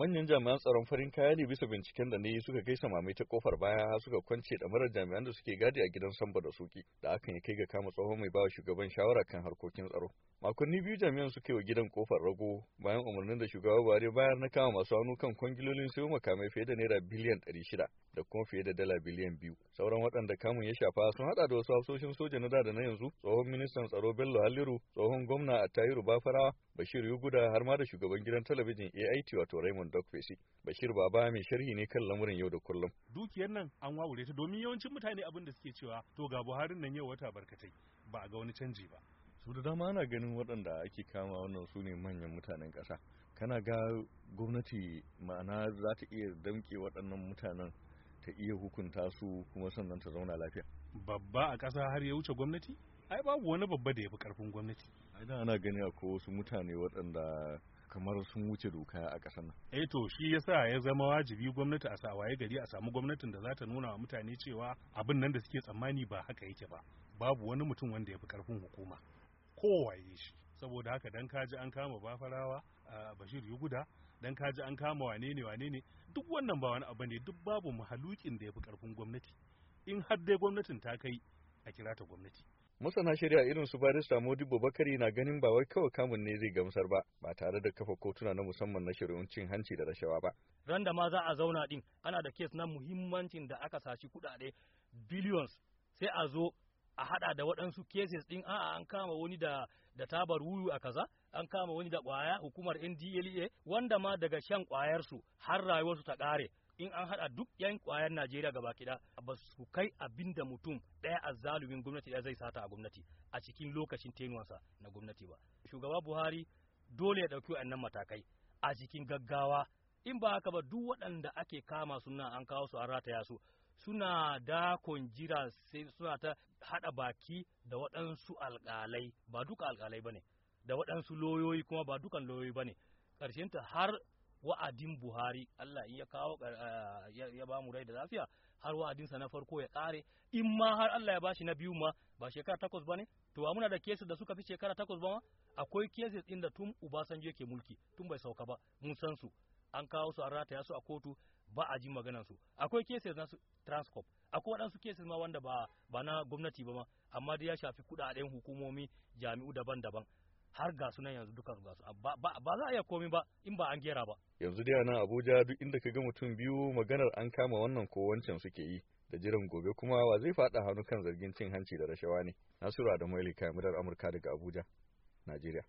manyan jami'an tsaron farin kaya ne bisa binciken da ne suka kai samame ta kofar baya suka kwance marar jami'an da suke gadi a gidan samba da suki da akan ya kai ga kama tsohon mai bawa shugaban shawara kan harkokin tsaro makonni biyu jami'an suka wa gidan kofar rago bayan umarnin da shugaba buhari bayar na kama masu hannu kan kwangilolin sayo makamai fiye da naira biliyan ɗari shida da kuma fiye da dala biliyan biyu sauran waɗanda kamun ya shafa sun haɗa da wasu hafsoshin soja na da da na yanzu tsohon ministan tsaro bello halliru tsohon gwamna a tayiru bafarawa bashir yuguda har ma da shugaban gidan talabijin ait wato raymond Dokfesi. Bashir Baba mai sharhi ne kan lamurin yau da kullum. Dukiyar nan an wawure ta domin yawancin mutane abin da suke cewa to ga Buharin nan yau wata barkatai ba a ga wani canji ba. Su da dama ana ganin waɗanda ake kama wannan su ne manyan mutanen ƙasa. Kana ga gwamnati ma'ana za ta iya damƙe waɗannan mutanen ta iya hukunta su kuma sannan ta zauna lafiya. Babba a ƙasa har ya wuce gwamnati? Ai babu wani babba da ya fi ƙarfin gwamnati. Ai da ana gani akwai wasu mutane waɗanda kamar sun wuce doka a ƙasar nan eh to shi yasa ya zama wajibi gwamnati a waye gari a samu gwamnatin da za ta nuna wa mutane cewa abin nan da suke tsammani ba haka yake ba babu wani mutum wanda ya fi ƙarfin hukuma kowaye shi saboda haka dan kaji an kama bafarawa a bashir yuguda dan kaji an kama wane ne wane ne duk wannan ba wani abu ne duk babu mahalukin da ya fi ƙarfin gwamnati in har dai gwamnatin ta kai a kira ta gwamnati masana shari'a irin su barista modibo bakari na ganin ba wai kawai kamun ne zai gamsar ba ba tare da kafa kotuna na musamman na shari'un cin hanci da rashawa ba ran da ma za a zauna din ana da kes na muhimmancin da aka sashi kudade billions sai a zo a hada da waɗansu cases din a'a an kama wani da da tabar wuyu a kaza an kama wani da kwaya hukumar NDLEA wanda ma daga shan su har rayuwar su ta ƙare in an haɗa duk yan kwayar Najeriya gaba kida ba su kai abin da mutum ɗaya a zalumin gwamnati ɗaya zai sata a gwamnati a cikin lokacin tenuwansa na gwamnati ba shugaba Buhari dole ya ɗauki wannan matakai a cikin gaggawa in ba haka ba duk waɗanda ake kama suna an kawo su an rataya su suna dakon jira sai suna ta haɗa baki da waɗansu alƙalai ba duka alƙalai ba ne da waɗansu loyoyi kuma ba dukan loyoyi ba ne ƙarshenta har wa'adin buhari allah in ya kawo eh, ya ba mu rai da lafiya har wa'adinsa na farko ya kare in ma har allah ya bashi na biyu ma ba shekara takwas ba ne to muna da kesis da suka fi shekara takwas ba ma akwai kesis inda da tun ubasanjo yake mulki tun bai sauka ba mun san su an kawo su an rataya su a kotu ba a ji maganar su akwai kesis na transcorp akwai waɗansu kesis ma wanda ba ba na gwamnati ba ma amma dai ya shafi kuɗaɗen hukumomi jami'u daban-daban har ga sunan yanzu duka ga su ba za a iya komi ba in ba an gera ba yanzu dai nan Abuja duk inda ka ga mutum biyu maganar an kama wannan ko wancan suke yi da jiran gobe kuma wa zai faɗa hannu kan zargin cin hanci da rashawa ne Nasiru Adamu Ali kamarar Amurka daga Abuja Najeriya